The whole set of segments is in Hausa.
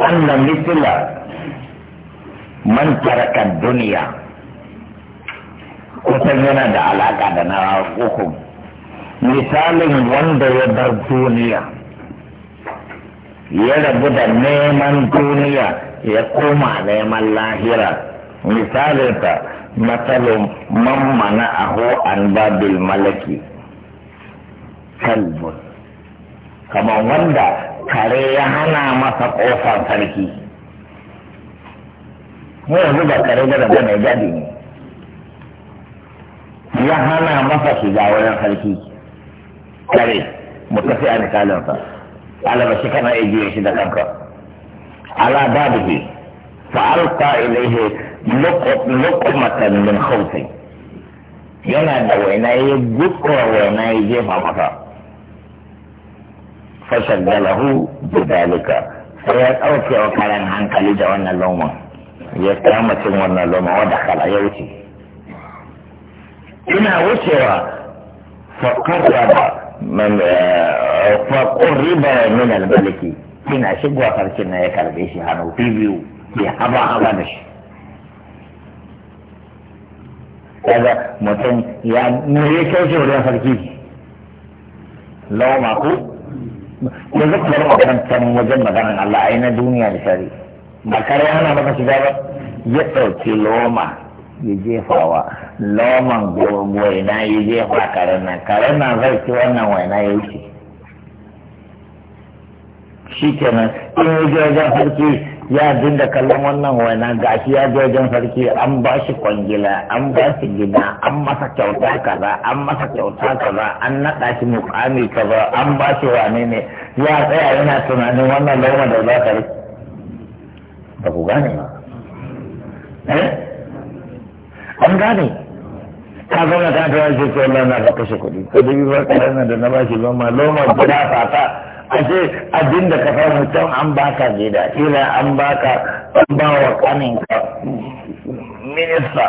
أن مثل من duniya الدنيا kusan yana da alaƙa da na uku misalin wanda ya bar duniya ya rabu da neman duniya ya koma neman lahira misalinta matsalin man mana aho an babil malaki kalbun kamar wanda kare ya hana masa ƙofar sarki mai yanzu ba kare da rabe mai gadi ne ya hana masa shiga wurin sarki kare mu tafi a nikalinsa alaba shi kana ajiye shi da kanka ala babihi fa'alqa ilaihi luqmatan min khawfi yana da waina ya gukura waina ya jefa masa fashagalahu da dalika sai ya ɗauke wa karen hankali da wannan loman ya kama cin wannan loman wadda kala ya wuce ina wucewa faƙarraba faƙurriba min almaliki ina shigwa farkin na ya karbe shi hannu biyu ya haba haba da shi kaga mutum ya ne ya kyauce wurin farki lauma ku yanzu kuma makarantar wajen maganar Allah ai na duniya da shari ba kare hana maka shiga ba ya ɗauki loma ya jefawa loman waina ya jefa karen nan karen nan zai ci wannan waina ya wuce shi kenan in ya je wajen ya dinda kallon wannan waina shi ya je sarki an ba shi kwangila an ba shi gida an masa kyauta kaza an masa kyauta kaza an naɗa shi mukami kaza an ba shi wane ne ya tsaya yana tunanin wannan lauma da za ka rike ba ku gane ba eh? an gane ka zauna ka ta wace ce launa ka kashe kuɗi ko dubi ba ka da na ba shi loma loma guda fata ashe abin da ka fara mutum an baka gida kila an baka an ba wa ka minista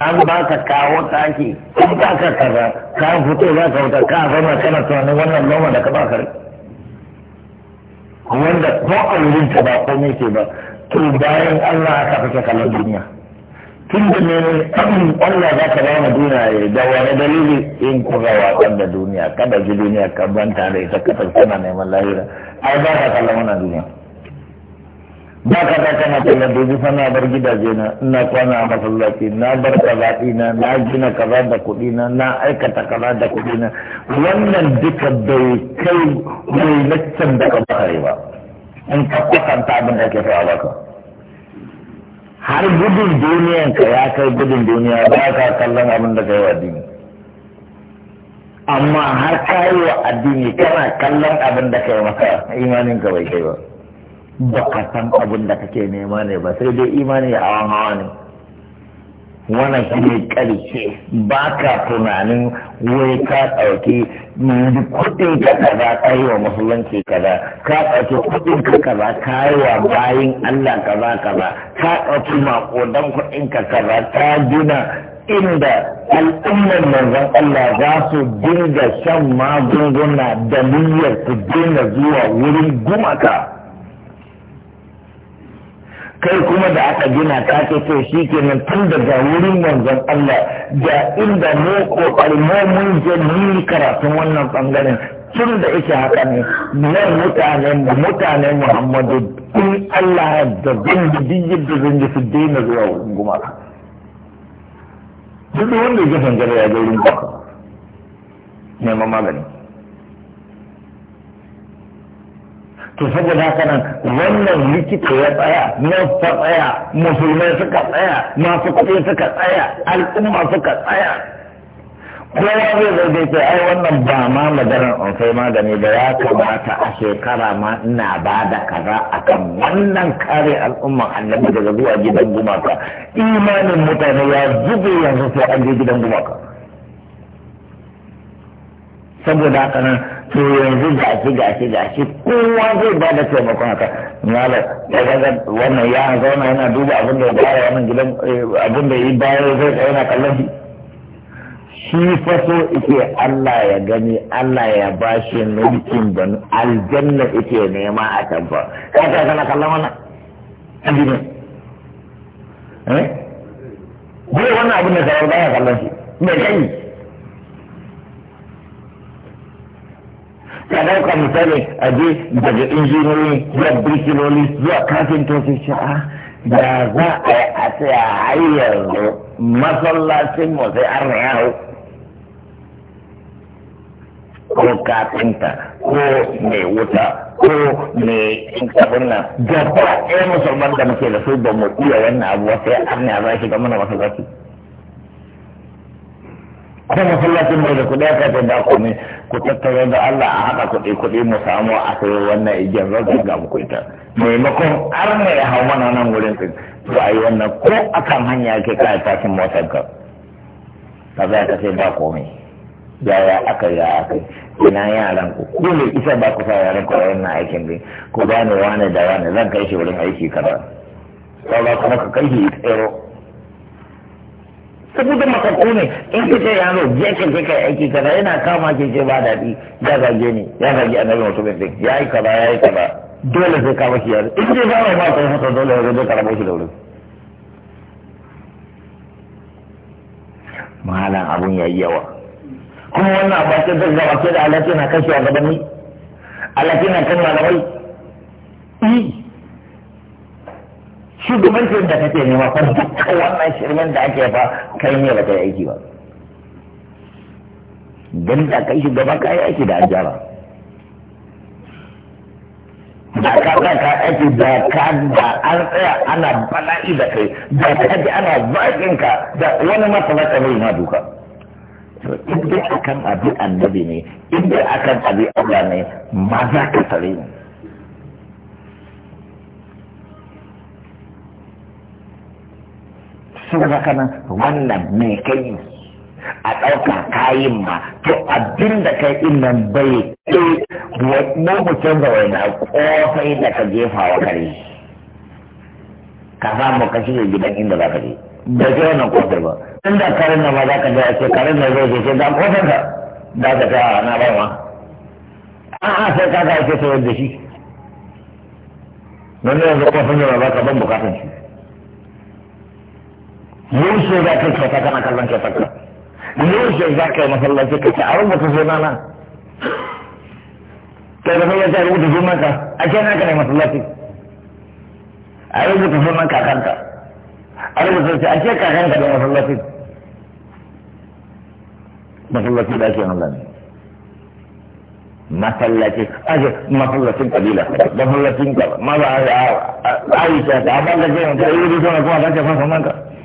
an baka kawo taki an baka kaza ka fito za ka wuta ka zama kana tunanin wannan noma da ka baka wanda ko a wurin ta ba komai ke ba to bayan Allah aka fice kallon duniya tun da ne Allah za ka bani duniya ya da wani dalili in ku ga watsar da duniya kada ji duniya ka ban tare, ita ka tafi neman lahira ai ba ka kallon wannan duniya ba ka ta kana kallon doji fa na bar gidaje na ina kwana a masallaci na bar kaza ɗina na gina kaza da kuɗi na na aikata kaza da kuɗi na wannan duka bai kai mai laccan da ka ba in ka kwatanta abin da ke fa'a baka. har gudun duniyan ka ya kai gudun duniya ba ka kallon abin da kai wa addini amma har ka wa addini kana kallon abin da kai maka imanin ka bai kai ba ba ka san abin da kake nema ne ba sai dai imani a hawa ne wannan shi ne ƙarshe ba ka tunanin wai ka ɗauki kuɗin ka kaza ka yi wa musulunci kaza ka ɗauki kuɗin ka kaza ka yi wa bayin Allah kaza kaza ka ɗauki maƙodan kuɗin ka kaza ka gina inda al'ummar manzon Allah za su dinga shan magunguna da niyyar su dinga zuwa wurin gumaka. kai kuma da aka gina ka ce to shi nan tun daga wurin manzon Allah da inda mu kokari mu mun je ni karatun wannan bangaren tun da yake haka ne nan mutanen da mutanen Muhammadu in Allah da zan yi da zan yi su daina zuwa wurin gumaka duk wanda ya ga fangar ya ga wurin gumaka neman magani to saboda haka nan wannan likita ya tsaya na ta tsaya musulmai suka tsaya masu kuɗi suka tsaya al'umma suka tsaya kowa zai zai ce ai wannan ba ma maganar sai magani da ya kamata a shekara ma ina ba da kaza akan wannan kare al'umman annabi daga zuwa gidan gumaka imanin mutane ya zube yanzu sai an je gidan gumaka saboda haka nan to yanzu ga shi ga shi ga shi kowa zai ba da taimakon haka mala ya ga wannan ya zauna yana duba abin da ya bayar wannan gidan eh, abin da ya bayar zai tsaya yana kallon shi shi faso ike Allah ya gani Allah ya ba shi mulkin banu aljanna ike nema a fa kaga kana kallon wannan addini eh bai wannan abin da sarar baya kallon shi bai kai ka ɗauka misali a je daga injiniyoyi zuwa birkinoli zuwa kafintoci sha'a ah, da za a yi a tsaya a yanzu masallacin mu sai an rayu ko kafinta ko mai wuta ko mai da nan gaba ɗaya musulman da muke da su ba mu iya wannan abu sai an ya za shi ga mana masallaci. Kuma masallacin mai da kuɗi ya kafin da komai ku tattaro da Allah a haɗa kuɗi kuɗi mu samu a kai wannan igiyar ragar ga mu ita maimakon har mai ya hau mana nan wurin su to a yi wannan ko kan hanya yake kai tashin motar ka ba za ka sai ba komai yaya aka ya aka ina yaran ku ko ne isa ba ku sa yaran ku wannan aikin din ku gane wane da wane zan kai shi wurin aiki kaza ba kuma ka kai shi tsero saboda makaku ne in ka ce yaro je ka je ka aiki kaza yana kama ke ce ba daɗi ya zage ne ya zage annabi mutumin din ya yi kaza ya yi kaza dole sai ka bashi yaro in ce zama ba ka yi haka dole ya zage ka rabo shi da wuri. mahalan abun ya yi yawa kuma wannan abu ake zai gaba ke da alaƙi na kashewa gabanni alaƙi na kan malamai shugabancin da kake nema fa dukkan wannan shirmen da ake fa kai ne ba yi aiki ba dan da kai shugaba yi aiki da anjara da ka ka ka aiki da ka da an tsaya ana bala'i da kai da ka ji ana bakin ka da wani masalaka ne na duka to in dai akan abi annabi ne in dai akan abi Allah ne ma za ka tare ni sun haka nan wannan mai kai a ɗauka kayin ma to abin da kai ɗin nan bai kai mutum da canza na kofai da ka jefa wa kare ka samu ka shirya gidan inda za ka je da ke wannan kofar ba inda karen nan ma za ka je a ce karen nan zai je sai ga kofar ka da ka ta na ba ma a'a sai ka ga ake sayar da shi wani yanzu kofar ne ba za ka ban bukatan shi yaushe za ka yi kyauta kana kallon kyautar ka yaushe za ka yi masallaci ka ce a rubuta suna na kai da mallaci a rubuta sunan ka a ce na ka ne masallaci a rubuta sunan kakanka a rubuta sai a ce kakanka ne masallaci masallaci da ke Allah ne masallacin aje masallacin kabila masallacin gaba maza a aisha ta abin da zai mutu da yi wuri suna kuma ta ce fasa manka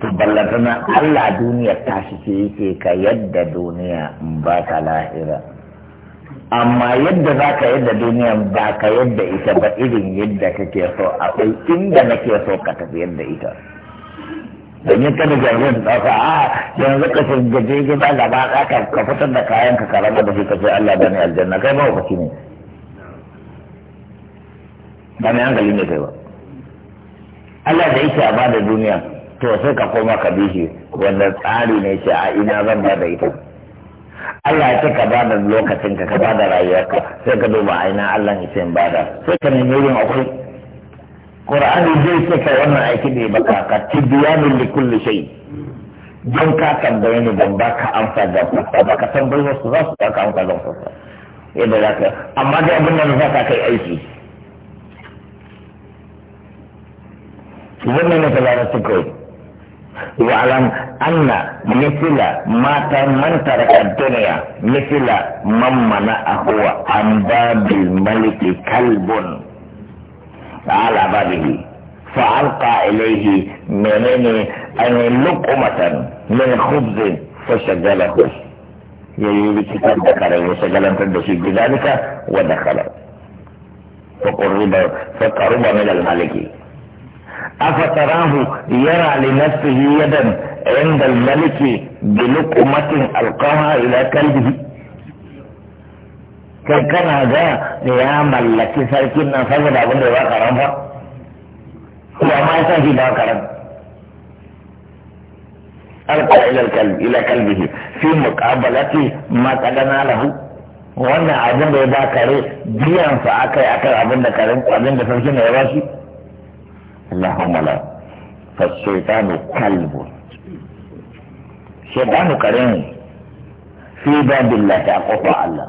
to ballatana Allah duniya ta shi ce yake ka yadda duniya ba ka lahira amma yadda za ka yadda duniya ba ka yadda ita ba irin yadda kake so akwai inda nake so ka tafi yadda ita domin kada jami'in ta ɗauka a ah, yanzu ka gaje gida gaba ka ka fitar da kayan ka karama da shi ka ce Allah ni aljanna kai ba hukaci ne ba an hankali ne kai ba Allah da yake a bada duniya to sai ka koma ka bi shi wanda tsari ne ce a ina zan ba da ita Allah ya ce ka bada lokacin ka ka bada rayuwarka sai ka duba a ina Allah ya ce da sai ka nemi wurin akwai Qur'ani zai ce ka wannan aiki ne baka ka tibyanu li kulli shay don ka tambaye ni ban baka amsa da fasa baka tambaye wasu za su baka amsa da fasa yadda za ka amma dai abin da za ka kai aiki wannan ne ta lalata kawai واعلم أن مثل ما من ترك الدنيا مثل من منعه عن باب الملك كلب على بابه فألقى إليه منين أن لقمة من خبز فشغله يريد كتاب ذكر وشغل تدشي بذلك ودخل فقرب فقرب من الملك أفتراه يرى لنفسه يدا عند الملك بلقمة ألقاها إلى كلبه كان كان هذا يا ملك سلكنا فقد أبن ربا كرم هو ما يساكي با كرم ألقى إلى الكلب إلى كلبه في مقابلة ما تدنا له wannan abin da ya ba kare biyan sa akai akan abin da karen abin da sarkin ya ba shi انه ملاك فالشيطان كلب شيطان كريم في باب الله تقطع الله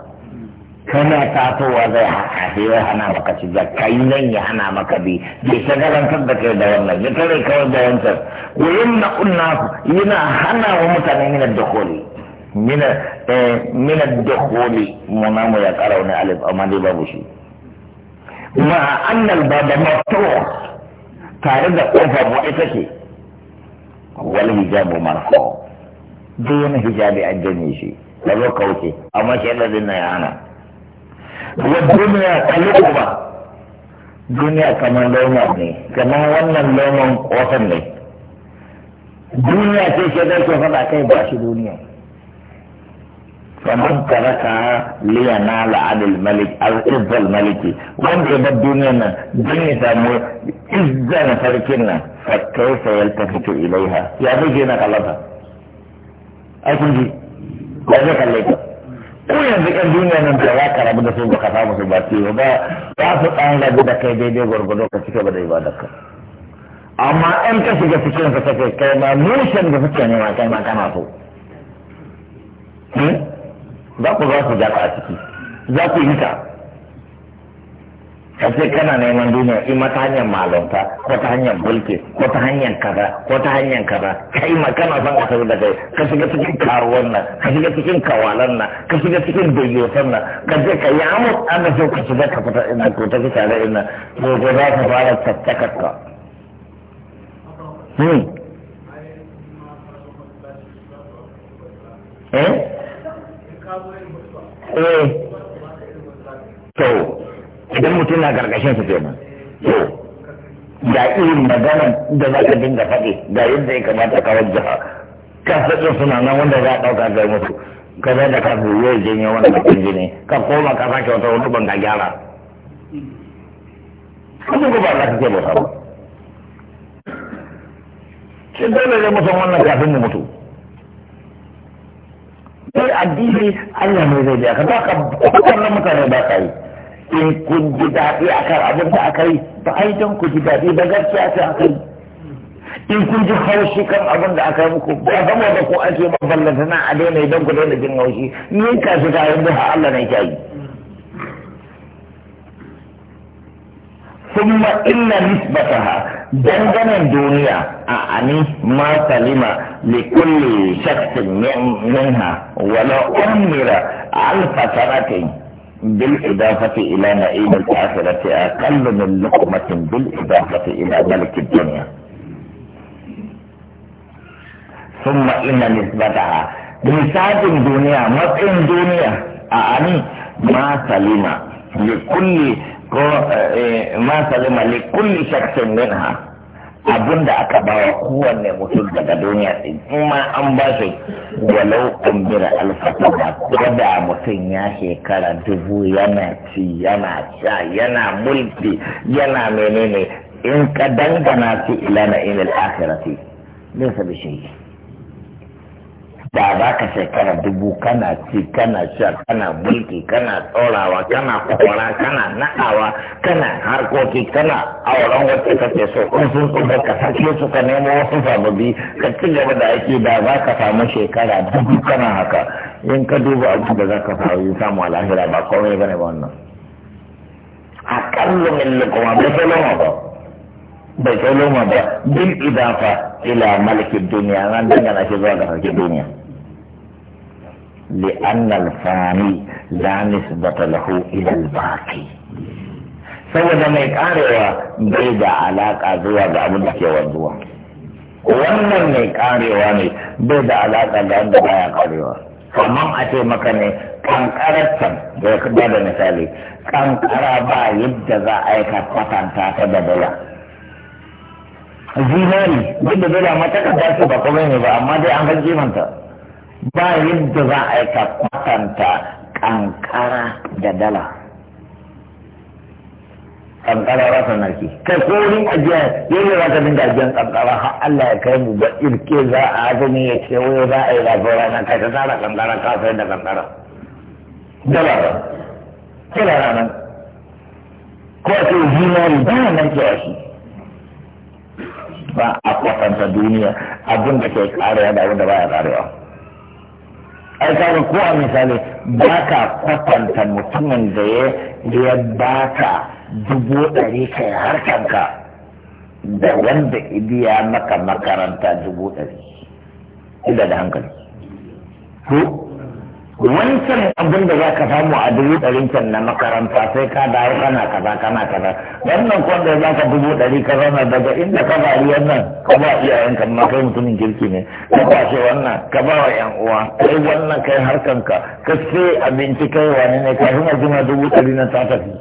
كما تعطوا وضعها حفيرة أنا مكتبا كيني أنا مكبي دي سجل أن تبكي دوانا أن كوان دوانا وإن قلنا إن حنا ومتنى من الدخول من إيه، من الدخول منام يكارون ألف أما دي بابوشي مع أن الباب مفتوح tare da kofa mu ita ce wal hijabu marfu duk wani hijabi an janye shi da zo kauce amma shi da dinna ya hana wa duniya kalu ba duniya kamar lauma ne kamar wannan lauman kofan ne duniya ce shi zai ke faɗa kai ba shi duniya فمن تركها لينال عن الملك او عز الملك وان يبدو دنيانا دنيا عز Ya فكيف يلتفت اليها يا بيجينا غلطها ya لا ذاك الليل ko yanzu kan duniya nan da za ka rabu da su baka samu su ba ce ba su ɗan rabu da kai daidai gwargwado ka cika ba da ibadar ka amma in ka shiga cikin ka kai ma mushen da suke nema kai ma kana so hmm? ba ku za su jaka a ciki za ku yi ta ka ce kana neman duniya in mata hanyar malonta ko ta hanyar bulke ko ta hanyar kaza ko ta hanyar kaza kai ma kana son a tafi da kai ka shiga cikin karuwan nan ka shiga cikin kawalan nan ka shiga cikin bayyotan nan ka je ka yi amur an da so ka shiga ka fita ina ko ta fita da ina ko ko za ka fara tattakar ka. Hmm. Eh? eh to idan mutum na gargashin su kenan to ga irin magana da za ka dinga faɗi ga yadda kamata ka ka faɗi suna nan wanda za a ɗauka ga musu ka zai da ka wani jini ka koma ka sake wata wani ban ka gyara kuma ba za ka ce ba sabu. dole ne mutum wannan kafin mu mutu. addini Allah ne zai biya ka ba ka wannan mutane ba ka yi in kun ji daɗi a kan abin da aka yi ba yi don ku ji daɗi ba gaskiya sai aka yi in kun ji haushi kan abin da aka yi muku ba zama da ku ake maballanta na a daina idan ku daina jin haushi ni ka shi ta yanzu ha Allah ne ke yi. ثم إن نسبتها دنجنا الدنيا أعني ما Salima. لكل شخص منها ولو أمر ألف سنة بالإضافة إلى نعيم الآخرة أقل من لقمة بالإضافة إلى ملك الدنيا ثم إن نسبتها بساعة الدنيا مطعم الدنيا أعني ما سلم لكل إيه، ما سلم لكل شخص منها abin da aka bawa kowanne mutum daga duniya ɗin kuma an ba shi walau kumbira alfata ba kada mutum ya shekara dubu yana ci yana sha yana mulki yana menene in ka dangana su ila na ilil akhirati laysa bi shay'in da za ka shekara dubu kana ci kana sha kana mulki kana tsorawa kana kora kana na'awa kana harkoki kana auren wacce kake so in sun tsoba ka sake su ka nemo wasu ka ci gaba da ake da za ka samu shekara dubu kana haka in ka duba abin da za ka samu samu a lahira ba komai bane ba wannan aƙalla min lukuma bai sai loma ba bai sai loma ba bil idafa ila malikin duniya nan dangana shi zuwa ga sarkin duniya لأن الفاني لا نسبة له إلى الباقي saboda mai karewa bai da alaka zuwa ga abin da ke wanzuwa wannan mai karewa ne bai da alaka ga wanda baya karewa kamar a ce maka ne kankararsa da ya kuma da misali kankara ba yadda za a yi kwatanta ta da dala zinari duk da dala mata ka dace ba kuma ne ba amma dai an kan kimanta ba yadda za a yi ka kwatanta kankara da dala kankara ta narki kai ko wurin ajiya yadda za ka dinga ajiyan kankara har Allah ya kai mu ba irke za a azumi ya kewaye za a yi lafiya rana kai ta tsara kankara ka sayar da kankara dala ba kila ranar ko ce zinari ba nan kewa shi ba a kwatanta duniya abin da ke karewa da abin da baya karewa ai ka ko a misali ba ka kwatanta mutumin da ya ya baka dubu ɗari kai harkanka da wanda ya maka makaranta dubu ɗari ila da hankali wancan abin da za ka samu a dubu ɗari can na makaranta sai ka dawo kana kaza kana kaza wannan kwanda za ka dubu ɗari ka zama daga inda ka bari wannan ka ba iyayen ka ma kai mutumin kirki ne ka kwashe wannan ka ba wa yan uwa kai wannan kai harkan ka ka ce abinci kai wani ne ka zuma dubu ɗari na ta tafi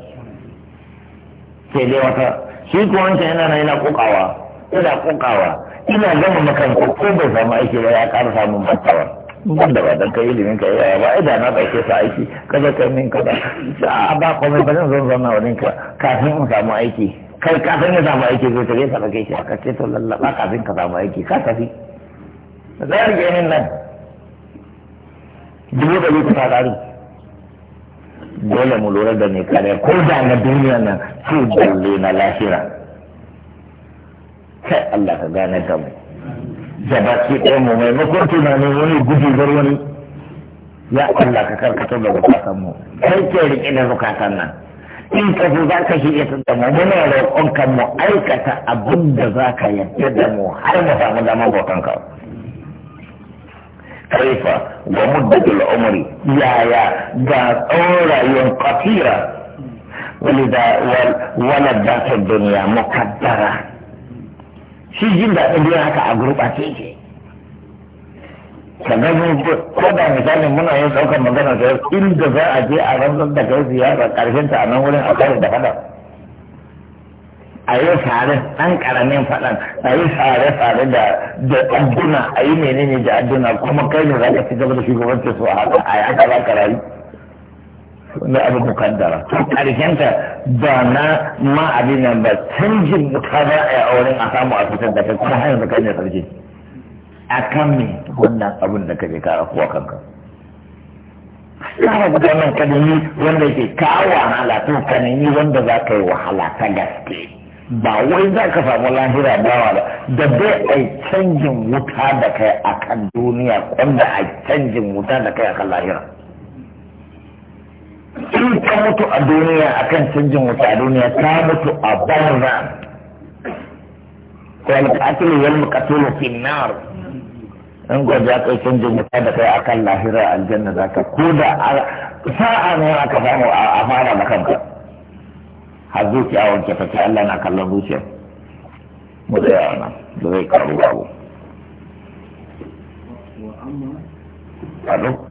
sai dai wata shi ko wancan yana na yana kokawa yana kokawa ina zama makaranta ko bai samu aiki ba ya ƙara samun battawa ban da ba dan kai ilimin kai ba ai da na ɗauke sa aiki kaza kai min kada a ba mai bazan zan zan zauna wurin ka kafin in samu aiki kai kafin ya samu aiki zai tare sa kai shi ka ce to lallaba kafin ka samu aiki ka tafi zai ga min nan dubu da ku ta dare dole mu lura da ne kare ko da na duniya nan su balle na lahira kai Allah ka gane da mu ce ɗaya mu makon tunanin wani gudu bar wani ya Allah ka karkata da bukatan mu kai ke rike da bukatan nan in ka fi za ka shirya da mu muna roƙon kan mu aikata abin da za ka yarda da mu har mu samu damar bautan ka kaifa wa muddatul umri yaya ga tsawon rayuwar kafira ولذا duniya الدنيا مقدره shi jin daɗin biyan haka a gurɓace yake Ka mu ko da misali muna yin ɗaukar magana da inda za a je a rantsar da kai ziyara ƙarshen ta a nan wurin a kare da faɗa a yi sare ɗan ƙaramin faɗan a yi sare sare da da adduna a yi menene da adduna kuma kai ne za ka ci gaba da shugabancin su a haka a yi haka za ka rayu na abu mukaddara karshenta ba na ma abin nan ba canjin ba a auren a samu a fitar da ta kuma hanyar da kan ne sarki a kan me wannan abin da kaje ka kuwa kanka kara da ka nemi wanda ke kawo wahala to ka wanda za ka yi wahala ta gaske ba wai za ka samu lahira dawa ba da dai a canjin wuta da kai a kan duniya wanda a canjin wuta da kai a kan lahira. in ka mutu a duniya akan canjin wuta a duniya ta mutu a banza ko alƙatulu yal muqatilu fi nar in ko za kai canjin wuta da kai akan lahira aljanna za ka ko da sa'a ne aka samu a fara da kanka har zuciya wanke ta ce Allah na kallon zuciya mu tsaya na da zai karu babu. ku.